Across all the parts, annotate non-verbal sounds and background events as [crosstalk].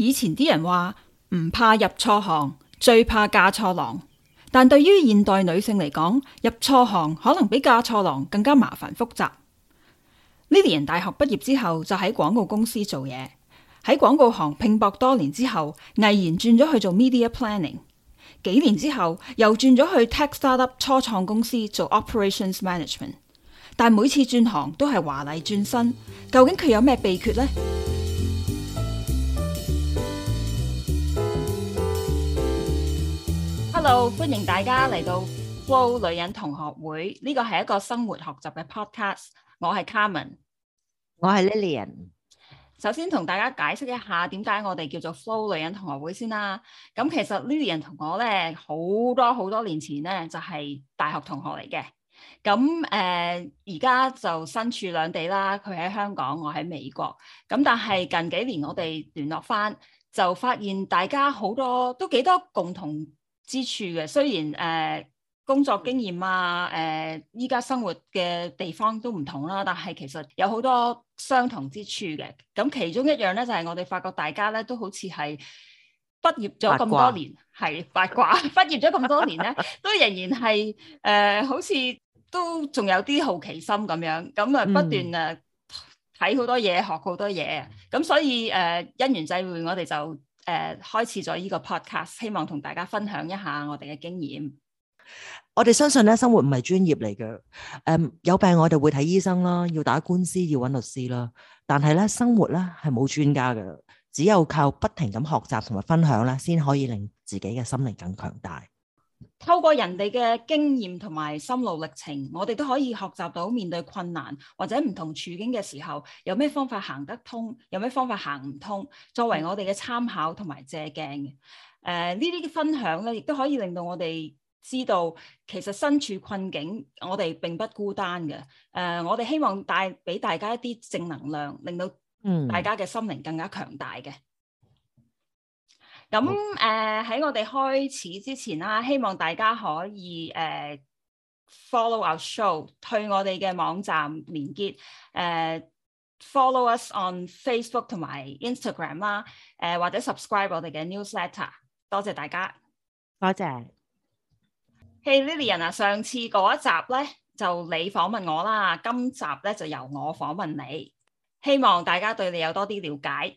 以前啲人話唔怕入錯行，最怕嫁錯郎。但對於現代女性嚟講，入錯行可能比嫁錯郎更加麻煩複雜。Lilian 大學畢業之後就喺廣告公司做嘢，喺廣告行拼搏多年之後，毅然轉咗去做 media planning。幾年之後又轉咗去 tech startup 初創公司做 operations management。但每次轉行都係華麗轉身，究竟佢有咩秘訣呢？hello，歡迎大家嚟到 Flow 女人同學會，呢個係一個生活學習嘅 podcast，我係 c a r m e n 我係 Lillian。首先同大家解釋一下點解我哋叫做 Flow 女人同學會先啦。咁其實 Lillian 同我咧，好多好多年前咧就係、是、大學同學嚟嘅。咁誒而家就身處兩地啦，佢喺香港，我喺美國。咁但係近幾年我哋聯絡翻，就發現大家好多都幾多共同。之處嘅，雖然誒、呃、工作經驗啊，誒依家生活嘅地方都唔同啦，但係其實有好多相同之處嘅。咁其中一樣咧，就係、係、我哋發覺大家咧都好似係畢業咗咁多年，係八卦。八卦 [laughs] 畢業咗咁多年咧， [laughs] 都仍然係誒、呃，好似都仲有啲好奇心咁樣，咁啊不斷啊睇好多嘢，學好多嘢。咁所以誒、呃，因緣際會，我哋就。誒，開始咗呢個 podcast，希望同大家分享一下我哋嘅經驗。我哋相信咧，生活唔係專業嚟嘅。誒，有病我哋會睇醫生啦，要打官司要揾律師啦。但係咧，生活咧係冇專家嘅，只有靠不停咁學習同埋分享咧，先可以令自己嘅心靈更強大。透過人哋嘅經驗同埋心路歷程，我哋都可以學習到面對困難或者唔同處境嘅時候，有咩方法行得通，有咩方法行唔通，作為我哋嘅參考同埋借鏡嘅。誒呢啲分享咧，亦都可以令到我哋知道，其實身處困境，我哋並不孤單嘅。誒、呃，我哋希望帶俾大家一啲正能量，令到大家嘅心靈更加強大嘅。嗯咁誒喺我哋開始之前啦，希望大家可以誒、uh, follow our show，去我哋嘅網站連結誒、uh, follow us on Facebook 同埋 Instagram 啦，誒或者 subscribe 我哋嘅 newsletter。多謝大家，多謝，謝。Hey Lilian 啊，上次嗰一集咧就你訪問我啦，今集咧就由我訪問你，希望大家對你有多啲了解。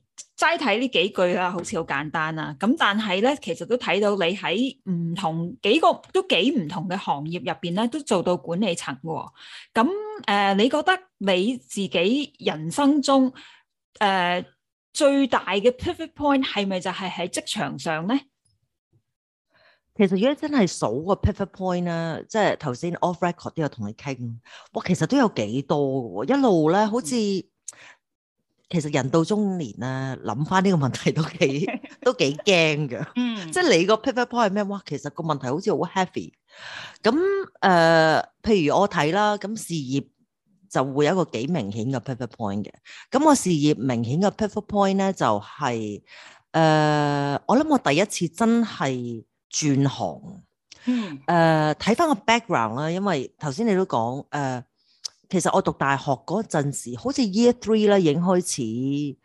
齋睇呢幾句啊，好似好簡單啊！咁但係咧，其實都睇到你喺唔同幾個都幾唔同嘅行業入邊咧，都做到管理層嘅。咁、嗯、誒、呃，你覺得你自己人生中誒、呃、最大嘅 pivot point 係咪就係喺職場上咧？其實如果真係數個 pivot point 咧，即係頭先 off record 都有同你傾，哇其實都有幾多嘅喎，一路咧好似。嗯其實人到中年咧，諗翻呢個問題都幾都幾驚嘅。嗯， [laughs] 即係你個 pivot point 係咩？哇，其實個問題好似好 heavy。咁誒、呃，譬如我睇啦，咁事業就會有一個幾明顯嘅 pivot point 嘅。咁我事業明顯嘅 pivot point 咧，就係、是、誒、呃，我諗我第一次真係轉行。嗯、 [laughs] 呃。睇翻個 background 啦，因為頭先你都講誒、呃其實我讀大學嗰陣時，好似 year three 已經開始。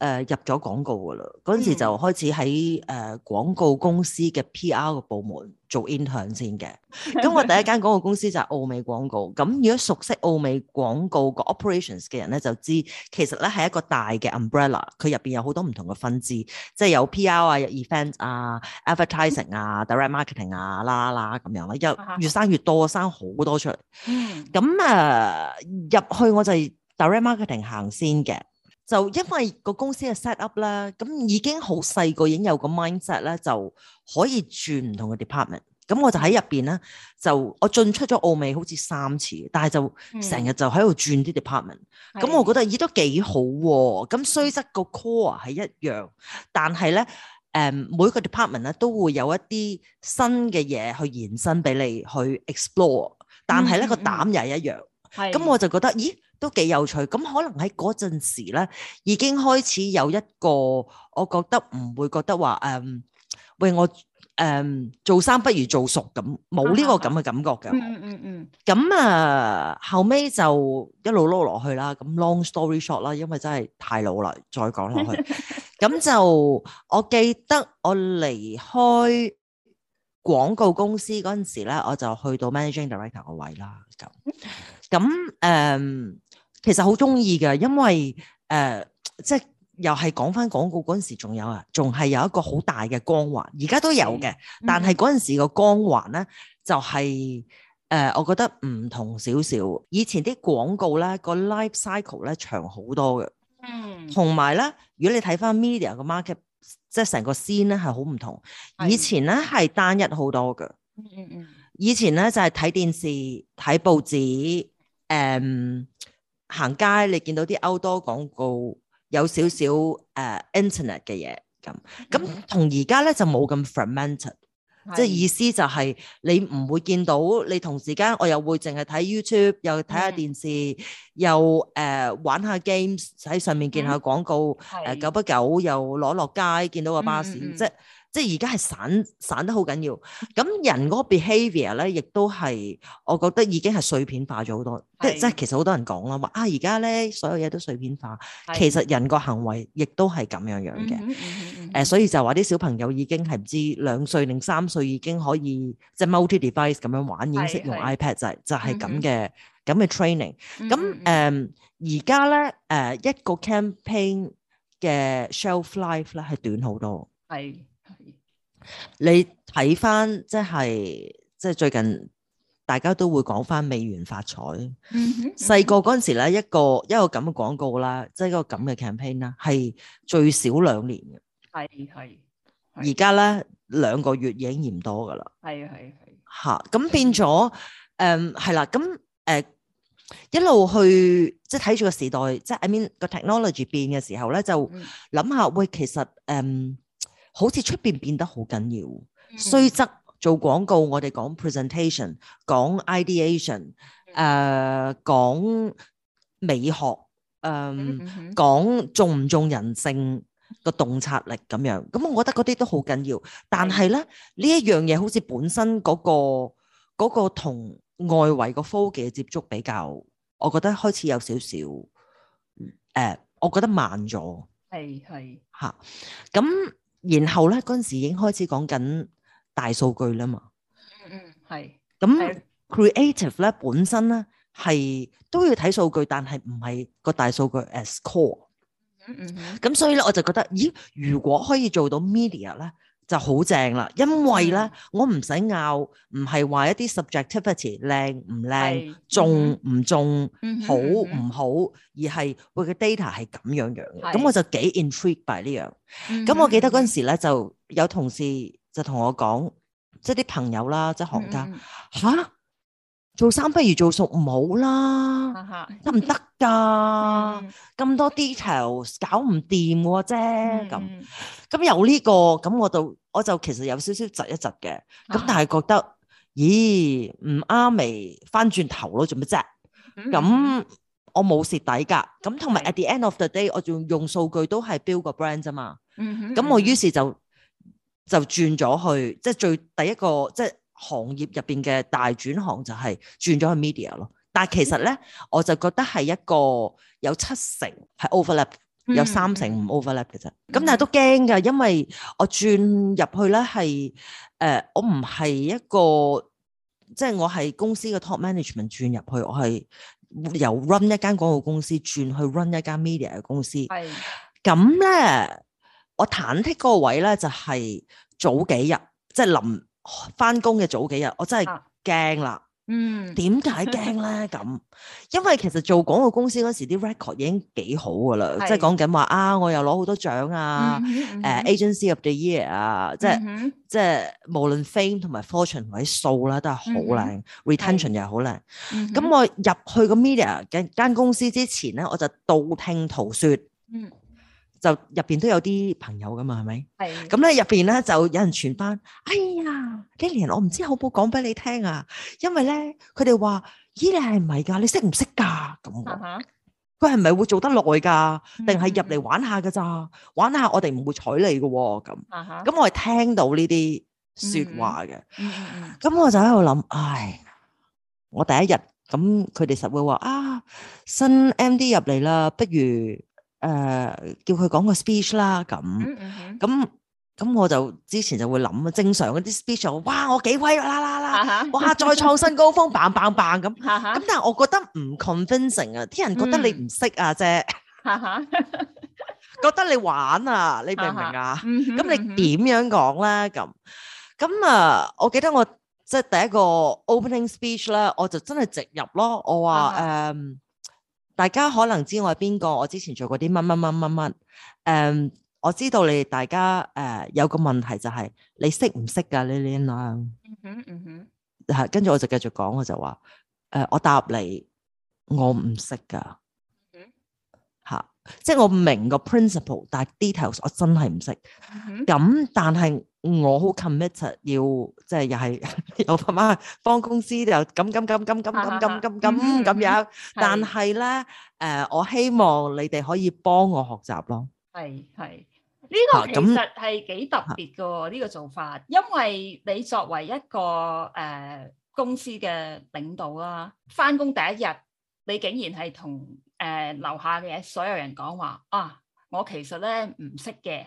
誒、呃、入咗廣告㗎啦，嗰陣時就開始喺誒、呃、廣告公司嘅 PR 嘅部門做 intern 先嘅。咁 [laughs] 我第一間廣告公司就係奧美廣告。咁如果熟悉奧美廣告個 operations 嘅人咧，就知其實咧係一個大嘅 umbrella，佢入邊有好多唔同嘅分支，即係有 PR 啊、event 啊、advertising 啊、 [laughs] direct marketing 啊啦啦咁樣啦，越越生越多，生好多出嚟。咁啊入去我就係 direct marketing 行先嘅。就因為個公司嘅 set up 啦，咁已經好細個已經有個 mindset 啦，就可以轉唔同嘅 department。咁我就喺入邊啦，就我進出咗澳美好似三次，但係就成日、嗯、就喺度轉啲 department。咁、嗯嗯、我覺得咦都幾好喎、啊。咁雖則個 core 係一樣，但係咧誒每個 department 咧都會有一啲新嘅嘢去延伸俾你去 explore。但係咧個膽又係一樣。係、嗯。咁係我就覺得咦。都幾有趣，咁可能喺嗰陣時咧，已經開始有一個我覺得唔會覺得話誒，喂，我誒做生不如做熟咁，冇呢個咁嘅感覺嘅。嗯嗯嗯嗯。咁啊，後尾就一路撈落去啦，咁 long story short 啦，因為真係太老啦，再講落去。咁就我記得我離開廣告公司嗰陣時咧，我就去到 Managing Director 個位啦。咁咁誒。其實好中意嘅，因為誒、呃，即係又係講翻廣告嗰陣時，仲有啊，仲係有一個好大嘅光環。而家都有嘅，嗯、但係嗰陣時個光環咧，就係、是、誒、呃，我覺得唔同少少。以前啲廣告咧個 life cycle 咧長好多嘅，嗯，同埋咧，如果你睇翻 media 嘅 market，即係成個 scene 咧係好唔同。以前咧係是單一好多嘅，嗯嗯嗯，以前咧就係、是、睇電視、睇報紙，誒、嗯。行街你見到啲 outdoor 廣告有少少誒、uh, internet 嘅嘢咁，咁同而家咧就冇咁 fragmented，即係意思就係你唔會見到你同時間我又會淨係睇 YouTube，又睇下電視，mm hmm. 又誒、uh, 玩下 games 喺上面見下廣告，誒久、mm hmm. uh, 不久又攞落，落街見到個巴士，mm hmm. 即係。即係而家係散散得好緊要，咁人嗰個 behavior 咧，亦都係我覺得已經係碎片化咗好多。對 即係即係其實好多人講啦，話啊而家咧所有嘢都碎片化，對 其實人個行為亦都係咁樣樣嘅。誒、嗯嗯嗯呃，所以就話啲小朋友已經係唔知兩歲定三歲已經可以即係、就是、multi device 咁樣玩，已經識用 iPad 對 就係就係咁嘅咁嘅 training。咁誒、嗯嗯，而家咧誒一個 campaign 嘅 shelf life 咧係短好多。係。你睇翻即係即係最近，大家都會講翻美元發財。嗯哼，細個嗰陣時咧，一個、就是、一個咁嘅廣告啦，即係一個咁嘅 campaign 啦，係最少兩年嘅。係係 [laughs] 而家咧兩個月已經嫌多噶啦。係係係，吓咁變咗，誒係啦，咁誒、呃、一路去即係睇住個時代，即、就、係、是、I mean 個 technology 變嘅時候咧，就諗下喂，其實誒。嗯好似出邊變得好緊要，雖則做廣告，我哋講 presentation，講 ideation，誒講美學，誒講中唔中人性個洞察力咁樣。咁我覺得嗰啲都好緊要，但係咧呢一樣嘢好似本身嗰個嗰個同外圍個科技嘅接觸比較，我覺得開始有少少誒，我覺得慢咗。係係吓咁。然後咧嗰陣時已經開始講緊大數據啦嘛，嗯嗯係，咁那的 creative 咧本身咧係都要睇數據，但係唔係個大數據 as core，嗯嗯哼，咁所以咧我就覺得，咦如果可以做到 media 咧？就好正啦，因為咧，我唔使拗，唔係話一啲 subjectivity 靚唔靚，中唔中，好唔好，而係個 data 係咁樣樣嘅，咁是我就幾 intrigued by 呢樣，嗯。咁我記得嗰陣時咧，就有同事就同我講，即係啲朋友啦，即、就、係、是、行家嚇。嗯嗯啊。做生不如做熟，唔好啦，得唔得㗎？咁 [laughs] 多 details 搞唔掂嘅啫，咁咁有呢個，咁我就我就其實有少少窒一窒嘅，咁但係覺得 [laughs] 咦唔啱味，翻轉頭咯，做乜啫？咁我冇蝕底㗎，咁同埋 at the end of the day，我仲用數據都係 build 個 brand 啫嘛，咁我於是就就轉咗去，即係最第一個即係。即係行業入邊嘅大轉行就係轉咗去 media 咯，但係其實咧，我就覺得係一個有七成係 overlap，有三成唔 overlap 嘅啫。咁、嗯、但係都驚㗎，因為我轉入去咧係誒，我唔係一個，即係我係公司嘅 top management 轉入去，我係由 run 一間廣告公司轉去 run 一間 media 嘅公司。係咁咧，我忐忑嗰個位咧就係早幾日，即係臨翻工嘅早幾日，我真係驚啦。嗯，點解驚咧？咁，因為其實做廣告公司嗰時啲 record 已經幾好噶啦，即係講緊話啊，我又攞好多獎啊，誒，Agency of the Year 啊，即係即係無論 fame 同埋 fortune 同埋數啦，都係好靚，retention 又係好靚。咁我入去個 media 間公司之前咧，我就道聽途說，就入邊都有啲朋友噶嘛，係咪？係。咁咧入邊咧就有人傳翻，哎呀！伊蓮，我唔知好唔好講俾你聽啊！因為咧，佢哋話咦，你係咪噶？你識唔識噶？咁，佢係咪會做得耐噶？定係入嚟玩下噶咋？玩下我哋唔會睬你噶，咁，咁我係聽到呢啲說話嘅。咁我就喺度諗，唉，我第一日咁，佢哋實會話啊，新 MD 入嚟啦，不如誒叫佢講個 speech 啦，咁，咁。咁我就之前就會諗啊，正常嗰啲 speech，哇，我幾威啦啦啦，哇，再創新高峰棒棒棒咁。咁但係我覺得唔 convincing 啊，啲人覺得你唔識啊啫，覺得你玩啊，你明唔明啊？咁你點樣講咧？咁咁啊，我記得我即係第一個 opening speech 咧，我就真係直入咯，我話誒，大家可能知我係邊個，我之前做過啲乜乜乜乜乜誒。我知道你哋大家誒有個問題，就係你識唔識噶 Lilian 嗯哼嗯哼。嚇，跟住我就繼續講，我就話誒，我答你，我唔識噶。嗯。即係我唔明個 principle，但係 details 我真係唔識。咁，但係我好 commit 要，即係又係又咁啊，幫公司又咁咁咁咁咁咁咁咁咁咁樣。係。但係咧誒，我希望你哋可以幫我學習咯。係係。呢個其實係幾特別嘅喎，呢、這個做法，因為你作為一個誒、呃、公司嘅領導啦、啊，翻工第一日，你竟然係同誒樓下嘅所有人講話啊，我其實咧唔識嘅，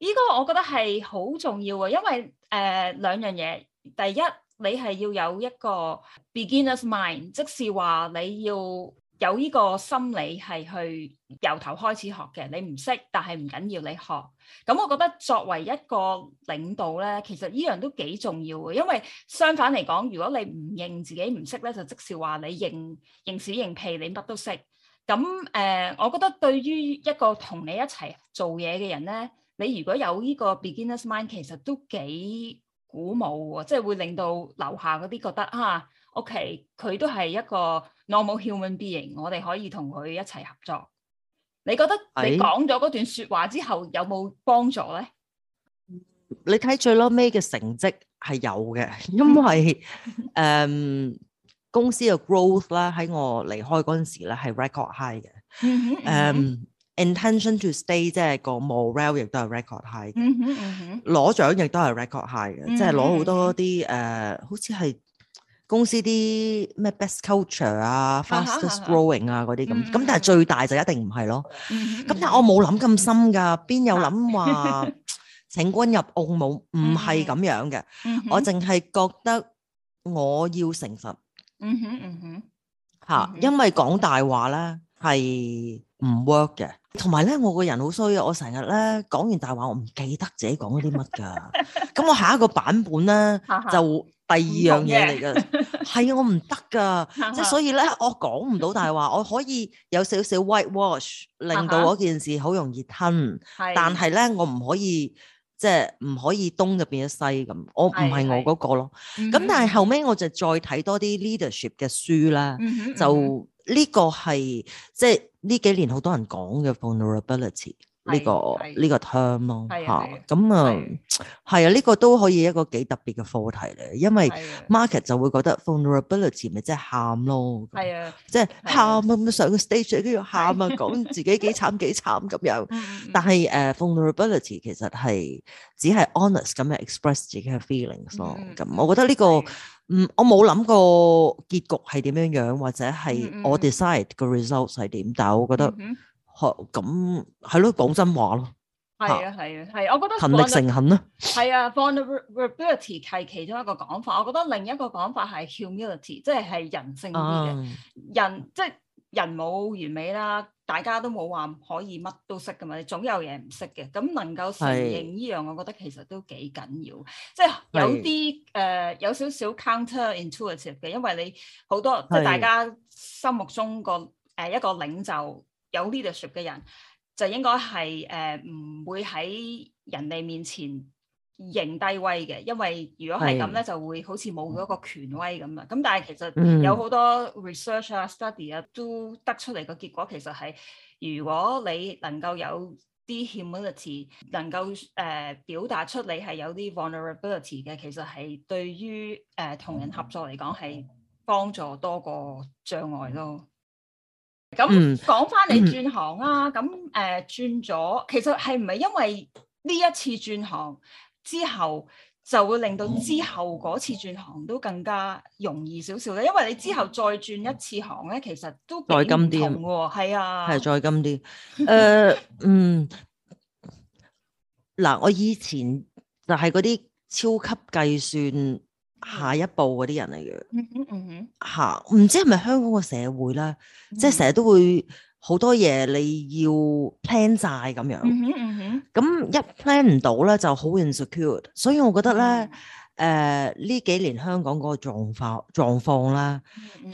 呢、這個我覺得係好重要嘅，因為誒兩、呃、樣嘢，第一你係要有一個 beginner's mind，即是話你要。有呢個心理係去由頭開始學嘅，你唔識，但係唔緊要，你學。咁我覺得作為一個領導咧，其實依樣都幾重要嘅，因為相反嚟講，如果你唔認自己唔識咧，就即是話你認認屎認屁，你乜都識。咁誒、呃，我覺得對於一個同你一齊做嘢嘅人咧，你如果有呢個 beginner’s mind，其實都幾鼓舞喎，即係會令到樓下嗰啲覺得啊～O.K. 佢都係一個 normal human being，我哋可以同佢一齊合作。你覺得你講咗嗰段説話之後有冇幫助咧？你睇最撈尾嘅成績係有嘅，因為誒公司嘅 growth 啦，喺我離開嗰陣時咧係 record high 嘅。誒 intention to stay 即係個 morale 亦都係 record high。攞獎亦都係 record high 嘅，即係攞好多啲誒，好似係。公司啲咩 best culture 啊 [noise] ，fastest growing 啊嗰啲咁，咁但係最大就一定唔係咯。咁 [noise] 但係我冇諗咁深㗎，邊有諗話請君入甕冇？唔係咁樣嘅。 [noise] 我淨係覺得我要誠實。嗯哼嗯哼，嚇， [noise] 因為講大話咧係唔 work 嘅，同埋咧我個人好衰啊，我成日咧講完大話我唔記得自己講啲乜㗎。咁 [noise] 我下一個版本咧 [noise] 就。第二樣嘢嚟嘅係我唔得㗎，即係 [laughs] 所以咧我講唔到大話， [laughs] 我可以有少少 whitewash 令到嗰件事好容易吞， [laughs] 但係咧我唔可以即係唔可以東就變咗西咁，我唔係我嗰個咯。咁、 [laughs] 嗯、哼但係後尾，我就再睇多啲 leadership 嘅書啦、嗯嗯，就呢個係即係呢幾年好多人講嘅 vulnerability 呢個呢個 term 咯嚇，咁啊係啊，呢個都可以一個幾特別嘅課題嚟。因為 market 就會覺得 vulnerability 咪即係喊咯，即係喊啊上個 stage 都要喊啊講自己幾慘幾慘咁樣。但係 vulnerability 其實係只係 honest 咁樣 express 自己嘅 feelings 咯。咁我覺得呢個，嗯，我冇諗過結局係點樣樣，或者係我 decide 個 results 係點，但我覺得。嚇咁係咯，講真話咯，係啊係啊係、啊。我覺得勤力誠懇啊，係啊，vulnerability 係其中一個講法。我覺得另一個講法係 humility，即係係人性啲嘅、啊、人，即係人冇完美啦，大家都冇話可以乜都識㗎嘛，你總有嘢唔識嘅。咁能夠承認呢樣，我覺得其實都幾緊要。是的 即係有啲誒、呃、有少少 counterintuitive 嘅，因為你好多是的 即係大家心目中個誒一個領袖。有 leadership 嘅人就應該係誒唔會喺人哋面前認低威嘅，因為如果係咁咧，是就會好似冇嗰個權威咁啊。咁、嗯嗯、但係其實有好多 research 啊、study 啊都得出嚟嘅結果，其實係如果你能夠有啲 humility，能夠誒、呃、表達出你係有啲 vulnerability 嘅，其實係對於誒、呃、同人合作嚟講係幫助多過障礙咯。嗯咁講翻你轉行啦、啊。咁誒、嗯呃、轉咗，其實係唔係因為呢一次轉行之後就會令到之後嗰次轉行都更加容易少少咧？因為你之後再轉一次行咧，其實都唔同再金啲，係啊，係再金啲。誒、 [laughs] uh, 嗯，嗱我以前就係嗰啲超級計算。下一步嗰啲人嚟嘅，吓唔、嗯嗯、知係咪香港個社會咧，嗯、哼即係成日都會好多嘢你要 plan 晒咁樣，咁、嗯嗯、一 plan 唔到咧就好 insecure，所以我覺得咧。嗯誒，呢、呃、幾年香港嗰個狀況狀況啦，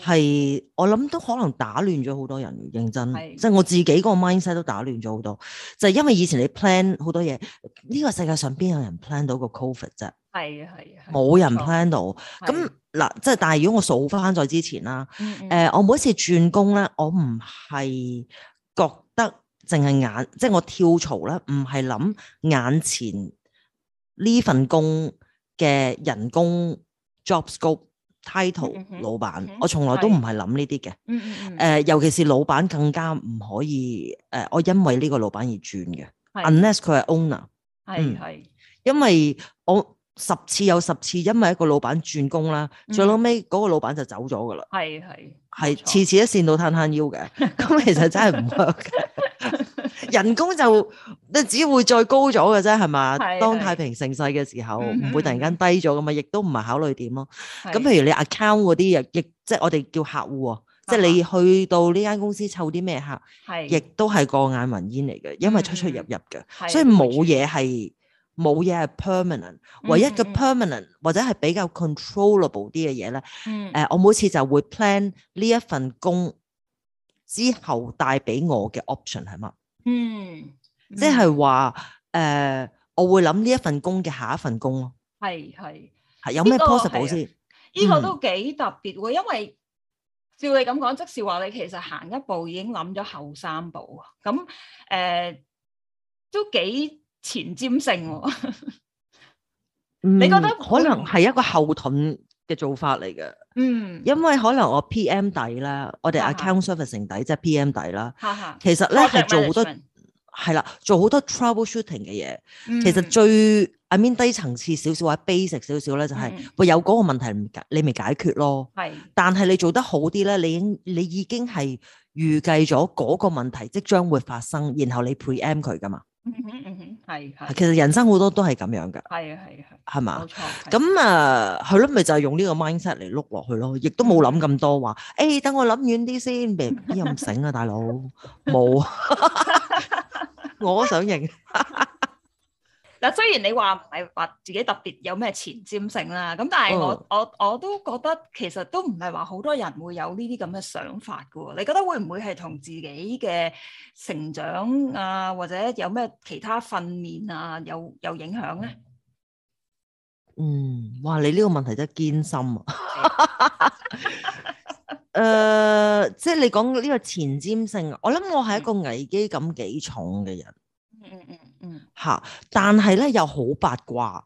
係、嗯、我諗都可能打亂咗好多人認真，即係是我自己嗰個 mindset 都打亂咗好多。就是、因為以前你 plan 好多嘢，呢、這個世界上邊有人 plan 到個 COVID 啫？係啊係啊，冇人 plan 到。咁嗱，即係但係如果我數翻在之前啦，誒、嗯呃，我每一次轉工咧，我唔係覺得淨係眼，即、就、係、是、我跳槽咧，唔係諗眼前呢份工。嘅人工 job scope title 老闆，mm hmm. 我從來都唔係諗呢啲嘅。誒、mm hmm. 呃，尤其是老闆更加唔可以誒、呃，我因為呢個老闆而轉嘅，unless 佢係 owner。係、嗯、係，因為我十次有十次，因為一個老闆轉工啦，mm hmm. 最後尾嗰個老闆就走咗噶啦。係係係，hmm. 次次一跣到攤攤腰嘅，咁 [laughs] 其實真係唔得嘅。人工就～都只會再高咗嘅啫，係嘛？當太平盛世嘅時候，唔會突然間低咗咁嘛，亦都唔係考慮點咯。咁譬如你 account 嗰啲，亦即係我哋叫客戶啊，即係你去到呢間公司湊啲咩客，亦都係過眼雲煙嚟嘅，因為出出入入嘅，所以冇嘢係冇嘢係 permanent。唯一嘅 permanent 或者係比較 controllable 啲嘅嘢咧，誒，我每次就會 plan 呢一份工之後帶俾我嘅 option 係嘛？嗯。即係話誒，我會諗呢一份工嘅下一份工咯。係係係有咩 possible 先？呢個都幾特別喎，嗯、因為照你咁講，即係話你其實行一步已經諗咗後三步，咁誒、呃、都幾前瞻性。 [laughs] 嗯、你覺得可能係一個後盾嘅做法嚟嘅？嗯，因為可能我 P M 底啦，嗯、我哋 Account servicing 底即係 P M 底啦。吓吓，其實咧係 project management. 做得。係啦，做好多 troubleshooting 嘅嘢，mm hmm。其實最 I mean 低層次少少或者 basic 少少咧，就係、是、會有嗰個問題唔解，你咪解決咯。係是，但係你做得好啲咧，你你已經係預計咗嗰個問題即將會發生，然後你 preempt 佢噶嘛。係 [laughs] 是其實人生好多都係咁樣噶。係啊係啊。係嘛？冇錯。咁啊，係咯，咪就係、是、用呢個 mindset 嚟碌落去咯，亦都冇諗咁多話，誒、欸，等我諗遠啲先，邊有咁醒啊，大佬冇。 [laughs] 有 [laughs] 我想贏嗱， [laughs] [laughs] 雖然你話唔係話自己特別有咩前瞻性啦，咁但係我、oh. 我我都覺得其實都唔係話好多人會有呢啲咁嘅想法噶，你覺得會唔會係同自己嘅成長啊，或者有咩其他訓練啊，有有影響咧？嗯，哇！你呢個問題真係堅深啊！ [laughs] [laughs] 誒，uh, 即係你講呢個前瞻性，我諗我係一個危機感幾重嘅人，嗯嗯嗯吓，但係咧又好八卦，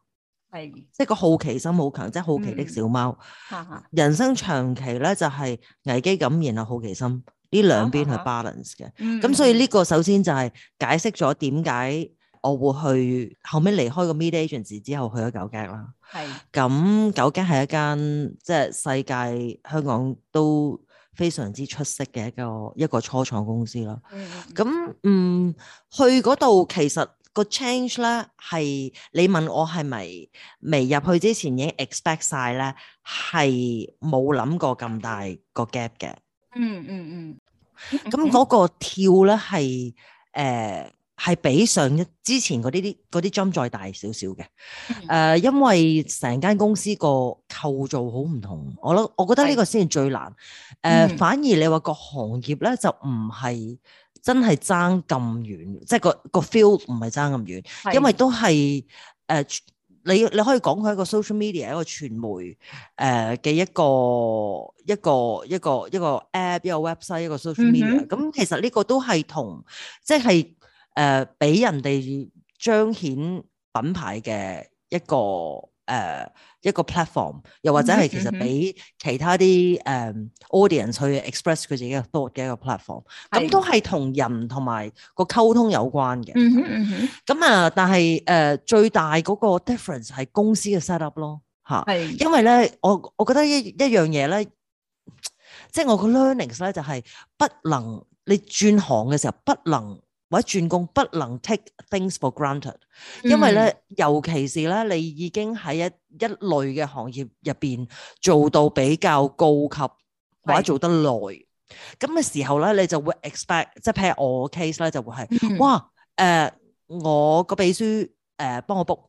係是，即係個好奇心好強，即係好奇的小貓，嗯、哈哈，人生長期咧就係、是、危機感，然後好奇心呢兩邊係 balance 嘅，咁所以呢個首先就係解釋咗點解。我會去後尾離開個 media agency 之後去咗 9GAG 啦。係是，咁 9GAG 係一間即係世界香港都非常之出色嘅一個一個初創公司咯。咁嗯，嗯，嗯，去嗰度其實個 change 咧係你問我係咪未入去之前已經 expect 晒咧，係冇諗過咁大個 gap 嘅。嗯嗯嗯。咁嗰個跳咧係誒。係比上一之前嗰啲啲嗰啲 jump 再大少少嘅，誒、嗯呃，因為成間公司個構造好唔同，我諗我覺得呢個先係最難。誒、嗯呃，反而你話個行業咧就唔係真係爭咁遠，即係個個 feel 唔係爭咁遠，嗯、因為都係誒、呃，你你可以講佢一個 social media 一個傳媒誒嘅、呃、一個一個一個一個，一個 app 一個 website 一個 social media，咁其實呢個都係同即係。誒俾、呃、人哋彰顯品牌嘅一個誒、呃、一個 platform，又或者係其實俾其他啲誒 audience 去 express 佢自己嘅 thought 嘅一個 platform，咁都係同人同埋個溝通有關嘅。嗯咁啊，但係誒最大嗰個 difference 係公司嘅 set up 咯，吓，係。因為咧，我我覺得一一,一樣嘢咧，即係我個 learnings 咧就係不能你轉行嘅時候不能。或者轉工不能 take things for granted，、嗯、因為咧，尤其是咧，你已經喺一一類嘅行業入邊做到比較高級是或者做得耐咁嘅時候咧，你就會 expect，即係譬如我 case 咧就會係，嗯、哇，誒、呃，我個秘書誒幫、呃、我 book，誒、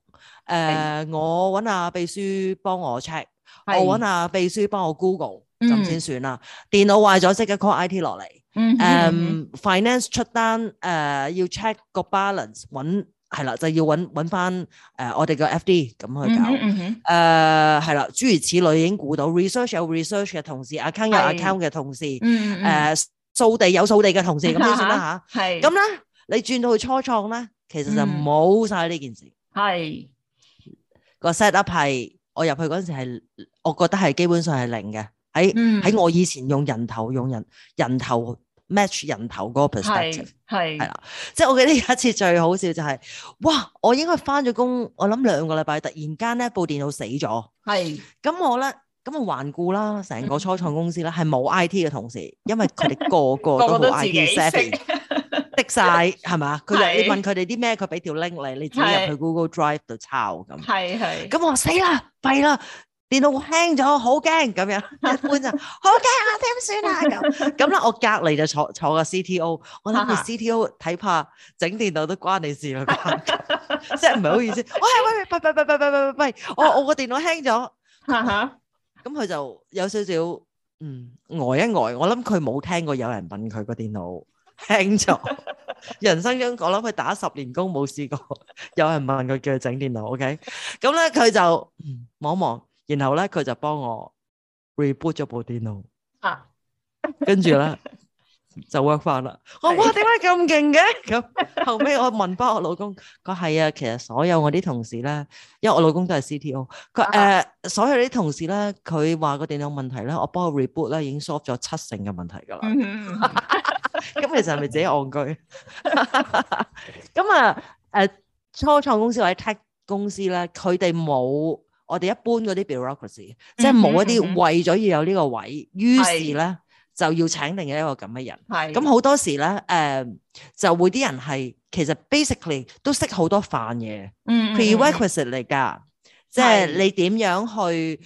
呃、是我搵下、啊、秘書幫我 check，是我搵下、啊、秘書幫我 Google，咁先算啦。嗯、電腦壞咗，即刻 call IT 落嚟。嗯，誒、mm hmm. um,，finance 出單誒，uh, 要 check 個 balance，揾係啦，就要揾揾翻誒，uh, 我哋個 FD 咁去搞，誒係啦，諸、hmm. uh, 如此類已經估到，research 有 research 嘅同事，account 有 account 嘅同事，嗯是，誒掃、uh, 地有掃地嘅同事咁的樣算啦吓，係，咁咧你轉到去初創咧，其實就冇晒呢件事，係的個 set up 係我入去嗰陣時係，我覺得係基本上係零嘅。喺喺我以前用人頭用人人頭 match 人頭嗰個 perspective 係係啦，即係我記得有一次最好笑就係，哇！我應該翻咗工，我諗兩個禮拜突然間咧部電腦死咗，係咁是我咧咁啊頑固啦，成個初創公司咧係冇 IT 嘅同事，因為佢哋個，個個都冇 IT savvy，滴晒係咪？佢識 [laughs] 你問佢哋啲咩，佢俾條 link 嚟，你自己入去 Google Drive 度抄咁，係係咁我死啦，弊啦！電腦輕咗，好驚咁樣一般就好驚啊，點算啊咁咁咧？我隔籬就坐坐個 CTO，我諗住 CTO 睇怕整電腦都關你事啦，即係唔係好意思。喂喂喂喂喂喂喂喂，我我個電腦輕咗，咁佢就有少少嗯呆一呆。我諗佢冇聽過有人問佢個電腦輕咗，人生中我諗佢打十年工冇試過有人問佢叫佢整電腦。OK，咁咧佢就望望。然後咧佢就幫我 reboot 咗部電腦，跟住咧就 work 翻啦。我話點解咁勁嘅？咁 [laughs] 後尾我問翻我老公，佢係啊，其實所有我啲同事咧，因為我老公都係 CTO，佢誒所有啲同事咧，佢話個電腦問題咧，我幫佢 reboot 咧已經 solve 咗七成嘅問題噶啦。咁其實係咪自己戇居？咁啊誒，初創公司或者 tech 公司咧，佢哋冇。我哋一般嗰啲 bureaucracy，即係冇一啲為咗要有呢個位，嗯嗯嗯嗯於是咧的就要請另一個咁嘅人。係的，咁好多時咧，誒、呃、就會啲人係其實 basically 都識好多飯嘢，prerequisite 嚟㗎，嗯嗯嗯即係你點樣去？的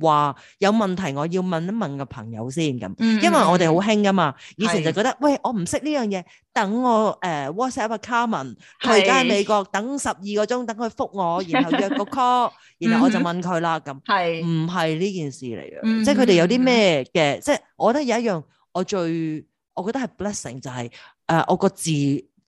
話有問題，我要問一問個朋友先，咁，因為我哋好興㗎嘛。以前就覺得，是喂，我唔識呢樣嘢，等我誒 WhatsApp 個 Carmen，佢而家喺美國，等十二個鐘，等佢覆我，然後約個 call， [laughs] 然後我就問佢啦咁。係唔係呢件事嚟啊？嗯、即係佢哋有啲咩嘅？嗯、即係我覺得有一樣我最我覺得係 blessing 就係、是、誒、呃、我個字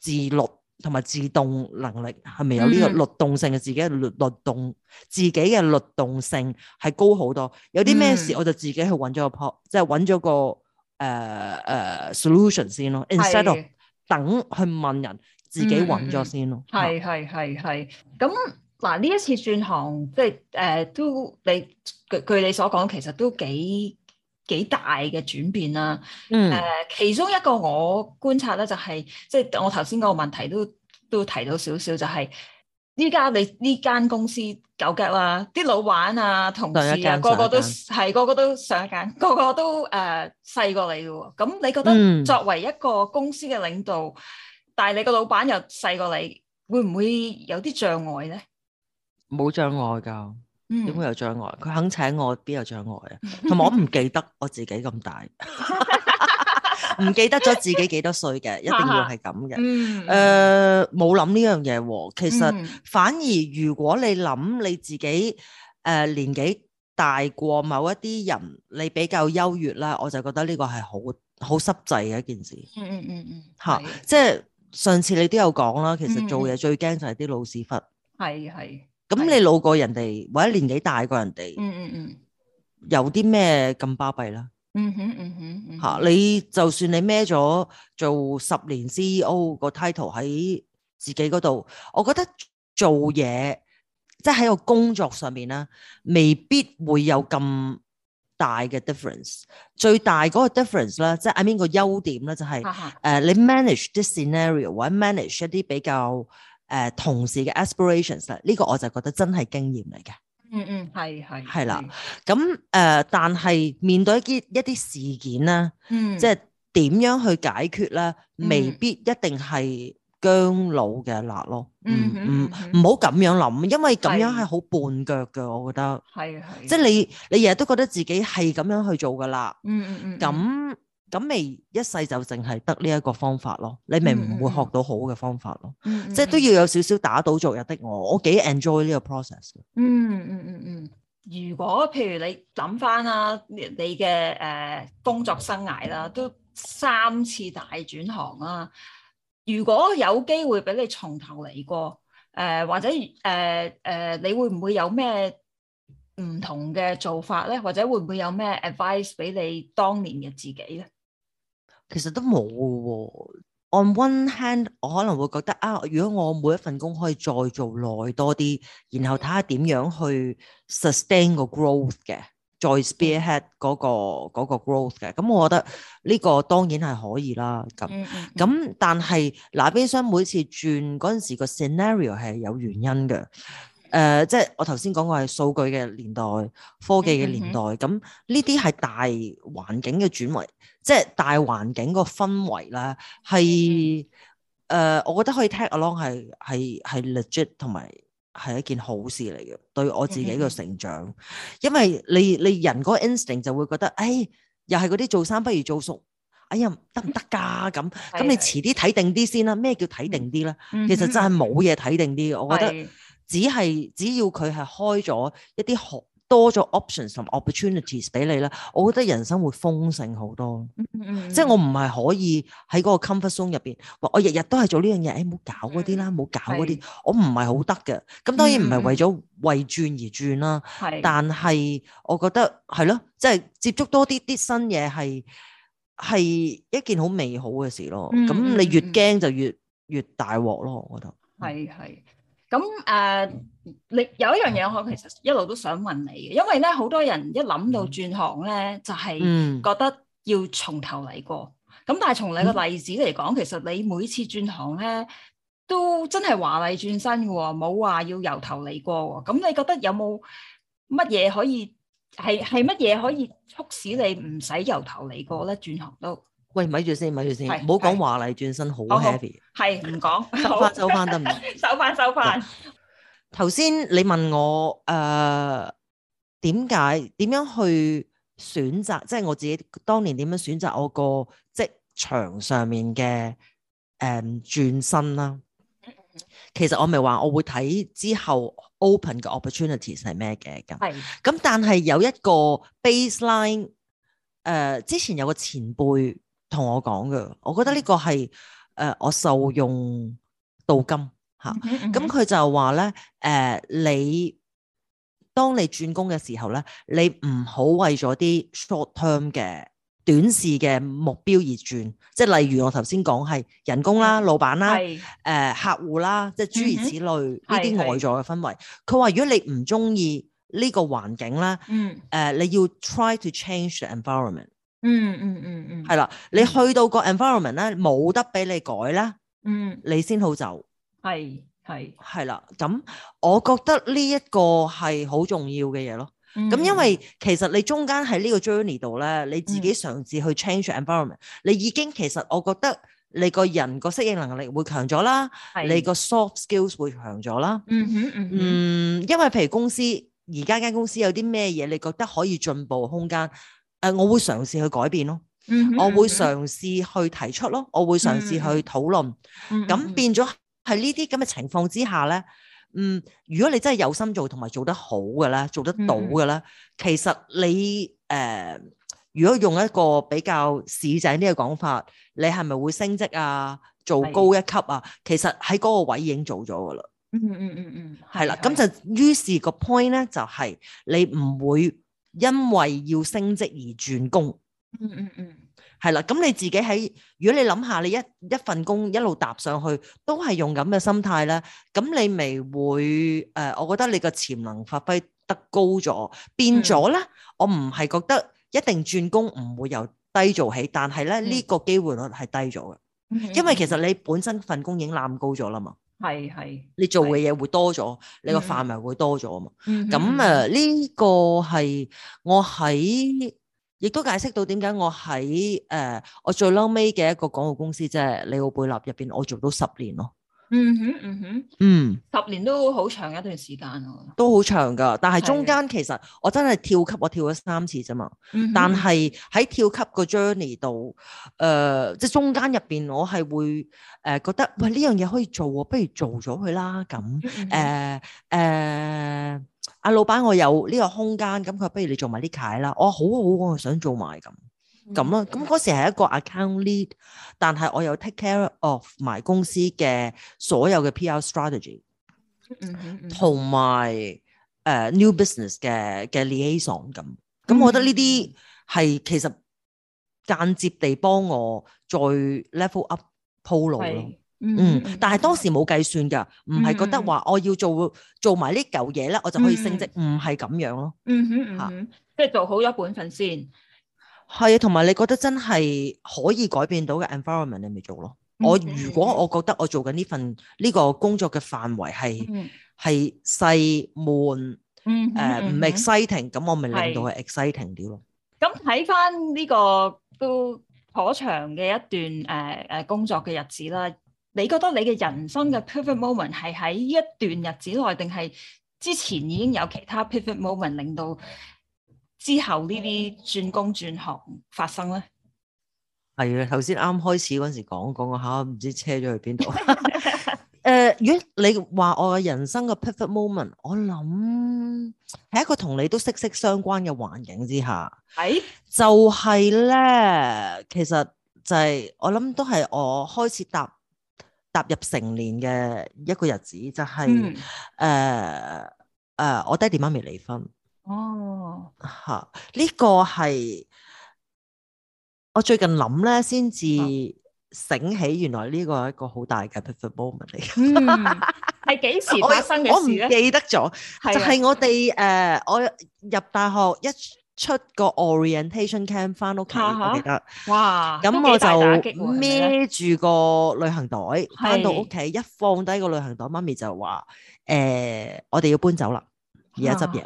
字錄。同埋自動能力係咪有呢個律動性，嘅自己嘅律動律動，自己嘅律動性係高好多。有啲咩事我就自己去揾咗個破、嗯，即係揾咗個誒誒、uh, uh, solution 先咯。instead of 的等去問人，自己揾咗先咯。係係係係。咁嗱呢一次轉行，即係誒都你據據你所講，其實都幾。幾大嘅轉變啦、啊，誒、嗯呃，其中一個我觀察咧就係、是，即、就、係、是、我頭先嗰個問題都都提到少少、就是，就係依家你呢間公司九腳啦，啲老闆啊、同事啊，個個都係個個都上一間，個個都誒細、呃、過你嘅喎，咁你覺得作為一個公司嘅領導，嗯、但係你個老闆又細過你，會唔會有啲障礙咧？冇障礙㗎。點會有障礙？佢肯請我，邊有障礙啊？同埋我唔記得我自己咁大，唔 [laughs] 記得咗自己幾多歲嘅，一定要係咁嘅。誒，冇諗呢樣嘢。其實、嗯、反而如果你諗你自己誒、呃、年紀大過某一啲人，你比較優越啦，我就覺得呢個係好好濕滯嘅一件事。嗯嗯嗯嗯，吓，即係上次你都有講啦。其實做嘢最驚就係啲老屎忽。係係。咁你老過人哋，或者年紀大過人哋，嗯嗯嗯，有啲咩咁巴閉啦？嗯哼嗯哼吓你就算你孭咗做十年 CEO 個 title 喺自己嗰度，我覺得做嘢即係喺個工作上面咧，未必會有咁大嘅 difference。最大嗰個 difference 咧，即係邊個優點咧，就係、是、誒、就是哈 uh, 你 manage 啲 scenario，或者 manage 一啲比較。誒，同事嘅 aspirations 咧，呢個我就覺得真係經驗嚟嘅。嗯嗯，係係係啦。咁誒，但係面對一啲一啲事件咧，即係點樣去解決咧，未必一定係姜老嘅辣咯。嗯嗯，唔好咁樣諗，因為咁樣係好絆腳嘅，我覺得。係。即係你你日日都覺得自己係咁樣去做噶啦。嗯嗯嗯。咁。咁咪一世就淨係得呢一個方法咯，你咪唔會學到好嘅方法咯，嗯嗯嗯，即係都要有少少打倒昨日的我，我幾 enjoy 呢個 process 嘅。嗯嗯嗯嗯，如果譬如你諗翻啦，你嘅誒、呃、工作生涯啦，都三次大轉行啦，如果有機會俾你從頭嚟過，誒、呃、或者誒誒、呃呃，你會唔會有咩唔同嘅做法咧？或者會唔會有咩 advice 俾你當年嘅自己咧？其實都冇喎、哦。On one hand，我可能會覺得啊，如果我每一份工可以再做耐多啲，然後睇下點樣去 sustain、那個那個 growth 嘅，再 spearhead 嗰個 growth 嘅，咁我覺得呢個當然係可以啦。咁咁，但係拿杯箱每次轉嗰陣時個 scenario 係有原因嘅。誒、呃，即係我頭先講過係數據嘅年代、科技嘅年代，咁呢啲係大環境嘅轉移，即係大環境個氛圍啦。係誒、嗯呃，我覺得可以 take along 係係係 legit 同埋係一件好事嚟嘅，對我自己嘅成長。Mm hmm. 因為你你人嗰個 instinct 就會覺得，誒、哎，又係嗰啲做生不如做熟，哎呀，得唔得㗎？咁咁你遲啲睇定啲先啦。咩叫睇定啲咧？其實真係冇嘢睇定啲，我覺得。只係只要佢係開咗一啲學多咗 options 同 opportunities 俾你咧，我覺得人生會豐盛好多。Mm hmm. 即係我唔係可以喺嗰個 comfort zone 入邊，話我日日都係做呢樣嘢，誒、欸、冇搞嗰啲啦，冇、mm hmm. 搞嗰啲，mm hmm. 我唔係好得嘅。咁當然唔係為咗、mm hmm. 為轉而轉啦。Mm hmm. 但係我覺得係咯，即係、就是、接觸多啲啲新嘢係係一件好美好嘅事咯。咁、mm hmm. 你越驚就越越大鑊咯，我覺得。係係、mm。Hmm. Mm hmm. 咁誒，你有一樣嘢我其實一路都想問你嘅，因為咧好多人一諗到轉行咧，就係、嗯、覺得要從頭嚟過。咁、嗯、但係從你個例子嚟講，其實你每次轉行咧都真係華麗轉身嘅喎，冇話要由頭嚟過喎。咁你覺得有冇乜嘢可以係係乜嘢可以促使你唔使由頭嚟過咧轉行都？喂，咪住先，咪住先，唔好講華麗轉身，好 heavy。係回，唔講回，收翻收翻得唔得？收翻收翻。頭先你問我誒，點解點樣去選擇？即係我自己當年點樣選擇我個職場上面嘅誒轉身啦。 [laughs] 其實我咪話我會睇之後 open 嘅 opportunities 係咩嘅咁。係是，咁但係有一個 baseline，誒、呃，之前有個前輩。同我講嘅，我覺得呢個係誒、呃、我受用到金吓。咁、啊、佢、mm hmm. 嗯、就話咧，誒、呃、你當你轉工嘅時候咧，你唔好為咗啲 short-term 嘅短視嘅目標而轉，即係例如我頭先講係人工啦、mm hmm. 老闆啦、誒、mm hmm. 呃、客戶啦，即係諸如此類呢啲、mm hmm. 外在嘅氛圍。佢話、mm hmm. 嗯、如果你唔中意呢個環境咧，誒你要 try to change the environment。嗯嗯嗯嗯，係、mm, mm, mm, mm. 啦，你去到個 environment 咧，冇得俾你改啦。嗯，mm. 你先好走，係係係啦，咁我覺得呢一個係好重要嘅嘢咯，咁、mm. 因為其實你中間喺呢個 journey 度咧，你自己嘗試去 change environment，、mm. 你已經其實我覺得你個人個適應能力會強咗啦，係，mm. 你個 soft skills 會強咗啦，嗯哼嗯嗯，因為譬如公司而家間公司有啲咩嘢，你覺得可以進步空間？誒、mm hmm.，我會嘗試去改、mm hmm. 變咯，我會嘗試去提出咯，我會嘗試去討論。咁變咗係呢啲咁嘅情況之下咧，嗯，如果你真係有心做，同埋做得好嘅咧，做得到嘅咧，mm hmm. 其實你誒、呃，如果用一個比較市井啲嘅講法，你係咪會升職啊，做高一級啊？Mm hmm. 其實喺嗰個位已經做咗噶啦。嗯嗯嗯嗯，係啦、嗯，咁就於是個 point 咧，就係你唔會。因為要升職而轉工，嗯嗯嗯，係 [noise] 啦樂。咁你自己喺，如果你諗下，你一一份工一路搭上去，都係用咁嘅心態咧，咁你咪會誒、呃，我覺得你個潛能發揮得高咗，變咗咧， [music] 我唔係覺得一定轉工唔會由低做起，但係咧呢、呢個機會率係低咗嘅， [music] [music] 因為其實你本身份工已經攬高咗啦嘛。 [music] [music] 係係，你做嘅嘢會多咗，的你個範圍會多咗啊嘛。咁啊呢個係我喺亦都解釋到點解我喺誒、呃、我最嬲尾嘅一個廣告公司即係、就是、李奧貝納入邊，我做到十年咯。嗯哼，嗯哼、mm，嗯、hmm, mm，hmm. 十年都好長一段時間咯，都好長噶。但係中間其實我真係跳級，我跳咗三次啫嘛。Mm hmm. 但係喺跳級個 journey 度，誒、呃，即、就、係、是、中間入邊我係會誒、呃、覺得，喂呢樣嘢可以做，不如做咗佢啦。咁誒誒，阿、mm hmm. 呃呃、老闆我有呢個空間，咁佢不如你做埋啲解啦。我、哦、好好、啊，我想做埋咁。咁咯，咁嗰時係一個 account lead，但係我有 take care of 埋公司嘅所有嘅 PR strategy，同埋誒 new business 嘅嘅 liaison 咁，咁我覺得呢啲係其實間接地幫我再 level up 鋪路咯。嗯，嗯嗯，但係當時冇計算㗎，唔係覺得話我要做做埋呢嚿嘢咧，我就可以升職，唔係咁樣咯，嗯。嗯哼，嚇、嗯，即係做好咗本份先。係啊，同埋你覺得真係可以改變到嘅 environment 你咪做咯？嗯、哼我如果我覺得我做緊呢份呢、呢個工作嘅範圍係係細悶，誒唔 exciting，咁我咪令到佢 exciting 啲咯。咁睇翻呢個都頗長嘅一段誒誒、呃、工作嘅日子啦。你覺得你嘅人生嘅 perfect moment 係喺一段日子內，定係之前已經有其他 perfect moment 令到？之後呢啲轉工轉行發生咧？係啊，頭先啱開始嗰時講講下，唔知車咗去邊度。誒、 [laughs] [laughs] 呃，如果你話我嘅人生嘅 perfect moment，我諗喺一個同你都息息相關嘅環境之下，係是就係咧，其實就係、是、我諗都係我開始踏踏入成年嘅一個日子，就係誒誒，我爹哋媽咪離婚。哦，吓呢個係我最近諗咧，先至醒起，原來呢個係一個好大嘅 pivot moment 嚟嘅，係幾時發生嘅，我唔記得咗，的就係我哋誒、呃，我入大學一出個 orientation camp 翻屋企，啊、哈我記得。哇！咁、嗯啊、我就孭住個旅行袋翻嗎到屋企，一放低個旅行袋，媽咪就話：誒的、呃，我哋要搬走啦，而家執嘢。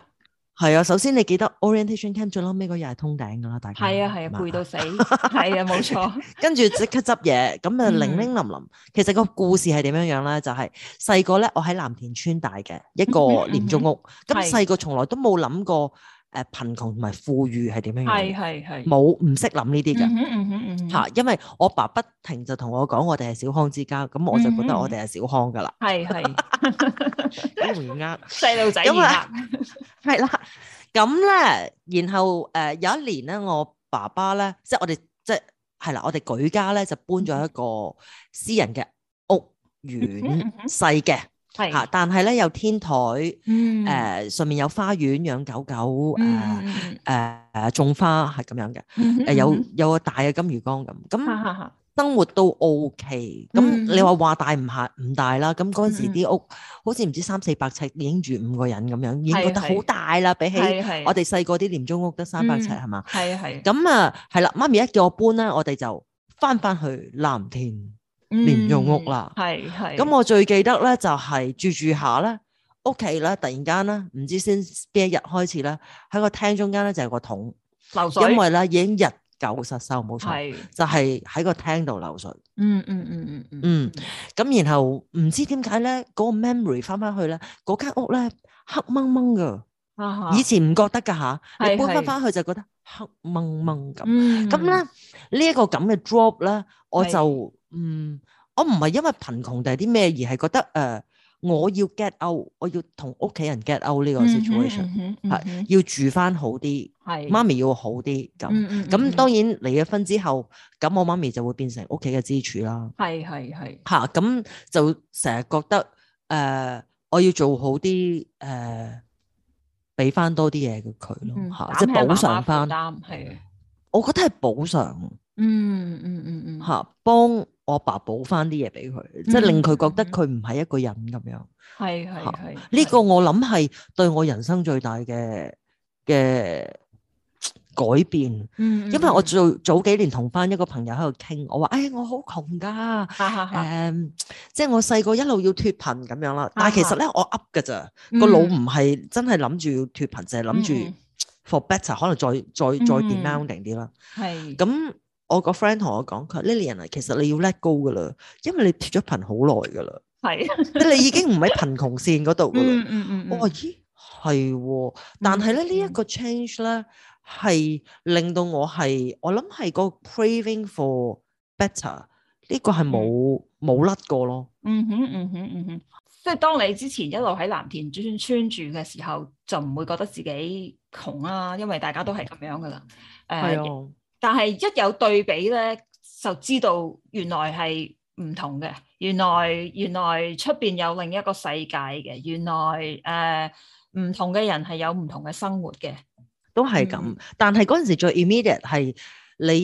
係啊，首先你記得 orientation camp 最後尾嗰日係通頂噶啦，大家有有。係啊係啊，攰、啊、到死，係 [laughs] 啊冇錯。錯 [laughs] 跟住即刻執嘢，咁啊 [laughs] 零零林林。其實個故事係點樣樣咧？就係細個咧，我喺藍田村大嘅 [laughs] 一個廉租屋，咁細個從來都冇諗過。 [laughs] 誒，貧窮同埋富裕係點樣樣？係係係冇唔識諗呢啲嘅吓，因為我爸不停就同我講，我哋係小康之家，咁我就覺得我哋係小康噶啦。係係，啲唔啱，細路仔咁樣，係啦。咁咧，然後誒，有一年咧，我爸爸咧，即係我哋，即係係啦，我哋舉家咧就搬咗一個私人嘅屋苑，細嘅。係，吓但係咧有天台，誒、呃、上面有花園養狗狗，誒誒誒種花係咁、啊、樣嘅，誒、呃、有有個大嘅金魚缸咁，咁生活都 OK，咁你話話大唔吓唔大啦，咁嗰陣時啲屋好似唔知三四百尺已經住五個人咁樣，已經覺得好大啦，比起我哋細個啲廉租屋得三百尺係嘛，係啊係，咁啊係啦，媽咪一叫我搬啦，我哋就翻翻去藍田。廉租屋啦，係係。咁我最記得咧，就係住住下咧，屋企咧，突然間咧，唔知先邊一日開始咧，喺個廳中間咧就係個桶漏水，因為咧已經日久失修，冇錯，就係喺個廳度漏水。嗯嗯嗯嗯嗯。嗯，咁然後唔知點解咧，嗰個 memory 翻翻去咧，嗰間屋咧黑掹掹噶，以前唔覺得噶吓，你搬翻翻去就覺得黑掹掹咁。咁咧呢一個咁嘅 drop 咧，我就。嗯，我唔係因為貧窮定係啲咩，而係覺得誒，我要 get out，我要同屋企人 get out 呢個 situation，係要住翻好啲，係媽咪要好啲咁。咁當然離咗婚之後，咁我媽咪就會變成屋企嘅支柱啦。係係係，吓咁就成日覺得誒，我要做好啲誒，俾翻多啲嘢佢咯，吓即係補償翻。係，我覺得係補償。嗯嗯嗯嗯，吓幫。我爸補翻啲嘢俾佢，即係令佢覺得佢唔係一個人咁樣。係係係，呢個我諗係對我人生最大嘅嘅改變。嗯，因為我做早幾年同翻一個朋友喺度傾，我話，哎，我好窮㗎。嗯，即係我細個一路要脫貧咁樣啦。但係其實咧，我 up 㗎咋，個腦唔係真係諗住要脫貧，淨係諗住 for better，可能再再再變 mounting 啲啦。係。咁。我個 friend 同我講：佢 Lilian 啊，其實你要 let go 噶啦，因為你脱咗貧好耐噶啦，係是的 [laughs] 你已經唔喺貧窮線嗰度噶啦。我話咦係，但係咧呢一個 change 咧係令到我係我諗係個 craving for better 呢個係冇冇甩過咯。嗯哼嗯哼嗯哼，即、嗯、係、嗯、當你之前一路喺藍田村住嘅時候，就唔會覺得自己窮啦、啊，因為大家都係咁樣噶啦。係啊。但係一有對比咧，就知道原來係唔同嘅，原來原來出邊有另一個世界嘅，原來誒唔同嘅人係有唔同嘅生活嘅，都係咁。但係嗰陣時最 immediate 係你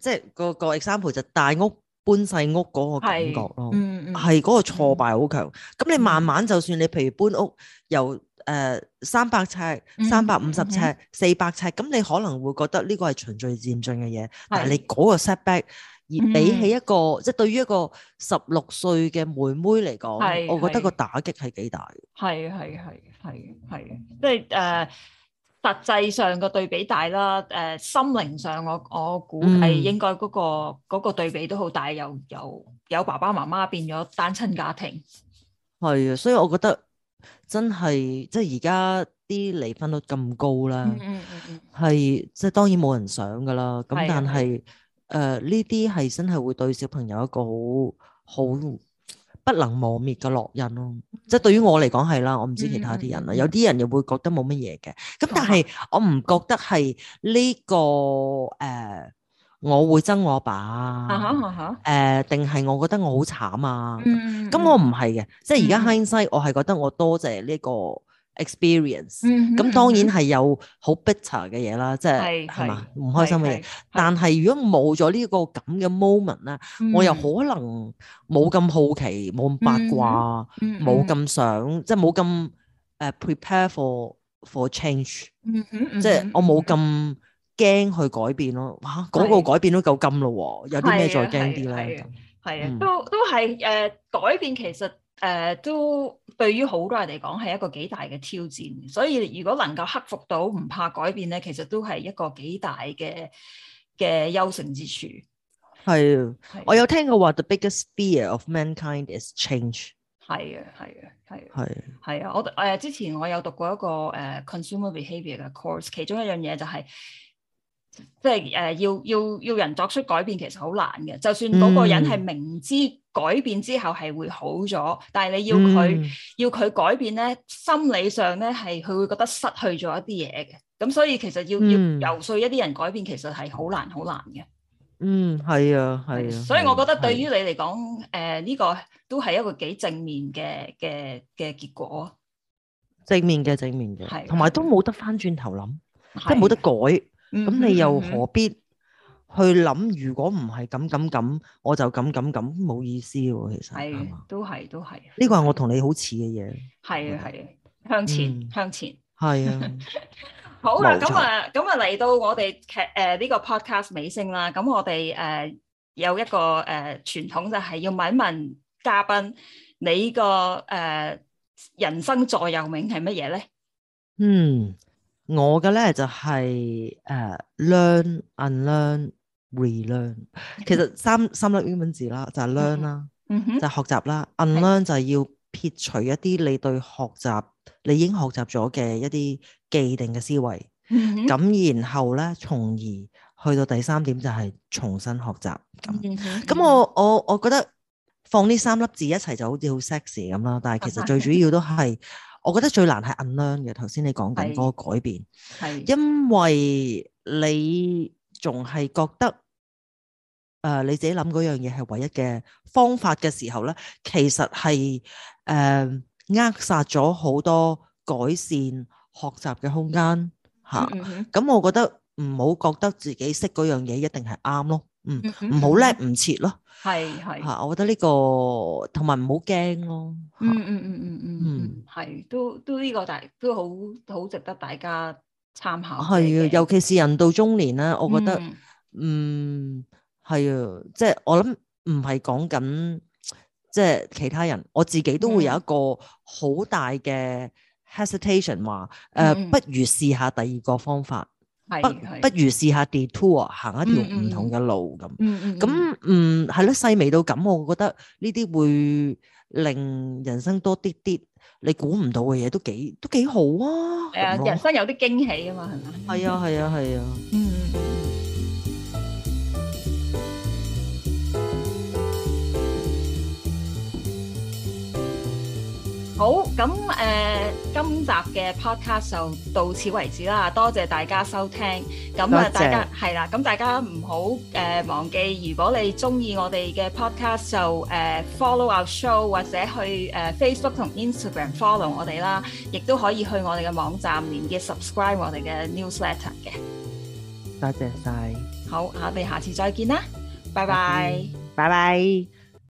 即係個個 example 就大屋搬細屋嗰個感覺咯，係嗰個挫敗好強。咁你慢慢就算你譬如搬屋又。誒，三百、uh, 尺、三百五十尺、四百尺，咁、mm hmm. 你可能會覺得呢個係循序漸進嘅嘢，是但係你嗰個 setback，而比起一個，mm hmm. 即係對於一個十六歲嘅妹妹嚟講，我覺得個打擊係幾大嘅。係係係係係，即係誒，實際、就是 uh, 上個對比大啦。誒，心靈上我我估計應該嗰個嗰個對比都好大，有有有爸爸媽媽變咗單親家庭。係啊，所以我覺得。真係即係而家啲離婚率咁高啦，係 [music] 即係當然冇人想噶啦。咁 [music] 但係誒呢啲係真係會對小朋友一個好好不能磨滅嘅烙印咯。 [music] 即係對於我嚟講係啦，我唔知其他啲人啊， [music] 有啲人又會覺得冇乜嘢嘅。咁但係我唔覺得係呢個誒。呃我會憎我阿爸誒，定係我覺得我好慘啊？咁我唔係嘅，即係而家 hindsight，我係覺得我多謝呢個 experience。咁當然係有好 bitter 嘅嘢啦，即係係嘛，唔開心嘅嘢。但係如果冇咗呢個咁嘅 moment 咧，我又可能冇咁好奇，冇咁八卦，冇咁想，即係冇咁誒 prepare for for change。即係我冇咁。驚去改變咯，吓嗰、那個改變都夠金咯，有啲咩再驚啲咧？係啊，都都係誒改變，其實誒、呃、都對於好多人嚟講係一個幾大嘅挑戰。所以如果能夠克服到唔怕改變咧，其實都係一個幾大嘅嘅優勝之處。係、啊，啊、我有聽過話、啊、，the biggest fear of mankind is change。係啊，係啊，係，係啊，我誒、啊啊啊、之前我有讀過一個誒 consumer behaviour 嘅 course，其中一樣嘢就係、是。即係誒、呃，要要要人作出改變，其實好難嘅。就算嗰個人係明知、嗯、改變之後係會好咗，但係你要佢、嗯、要佢改變咧，心理上咧係佢會覺得失去咗一啲嘢嘅。咁 [laughs] 所以其實要、嗯、要游說一啲人改變，其實係好難，好難，好難嘅。嗯，係啊，係啊。所以我覺得對於你嚟講，誒呢個都係一個幾正面嘅嘅嘅結果。正面嘅，正面嘅，係、啊。同埋都冇得返轉頭諗，即係冇得改。咁你又何必去諗？如果唔係咁咁咁，我就咁咁咁，冇意思喎。其實係，都係，都係。呢個係我同你好似嘅嘢。係啊，係啊，向前，嗯、向前。係的 [laughs] 啊。好錯、啊呃這個、啦，咁啊，咁、呃、啊，嚟到我哋劇誒呢個 podcast 尾聲啦。咁我哋誒有一個誒傳、呃、統，就係要問一問嘉賓，你、這個誒、呃、人生座右銘係乜嘢咧？嗯。我嘅咧就係、是、誒、uh, learn unlearn, Re、unlearn、mm、relearn，、hmm. 其實三三粒英文字啦、mm，hmm. 就係 learn 啦，就係學習啦、mm hmm.，unlearn 就係要撇除一啲你對學習你已經學習咗嘅一啲既定嘅思維，咁、mm hmm. 然後咧從而去到第三點就係重新學習咁。咁、mm hmm. 我我我覺得放呢三粒字一齊就好似好 sexy 咁啦，但係其實最主要都係。我覺得最難係 unlearn 嘅。頭先你講緊嗰個改變，係因為你仲係覺得，誒，你自己諗嗰樣嘢係唯一嘅方法嘅時候咧，其實係誒扼殺咗好多改善學習嘅空間吓，咁我覺得唔好覺得自己識嗰樣嘢一定係啱咯。嗯，唔、嗯、哼好叻唔切咯，係係、啊，我覺得呢、這個同埋唔好驚咯，嗯嗯嗯嗯嗯嗯，係、嗯嗯嗯嗯、都都呢個大都好好值得大家參考，係啊，尤其是人到中年咧，我覺得，嗯，係啊、嗯，即係我諗唔係講緊即係其他人，我自己都會有一個好大嘅 hesitation 話，誒、嗯呃，不如試下第二個方法。不不如試下 detour 啊，行一條唔同嘅路咁。咁嗯，係、嗯、咯、嗯嗯，細微到咁，我覺得呢啲會令人生多啲啲，你估唔到嘅嘢都幾都幾好啊。誒、啊，人生樣有啲驚喜啊嘛，係咪？係啊，係啊，係啊。 [laughs] 嗯。好咁誒、嗯，今集嘅 podcast 就到此為止啦，多謝大家收聽。咁、嗯、啊謝、嗯，大家係啦，咁大家唔好誒忘記，如果你中意我哋嘅 podcast 就誒、呃、follow our show 或者去誒、呃、Facebook 同 Instagram follow 我哋啦，亦都可以去我哋嘅網站連結 subscribe 我哋嘅 newsletter 嘅。多謝晒。好，我哋下次再見啦，拜拜，拜拜 bye。Bye bye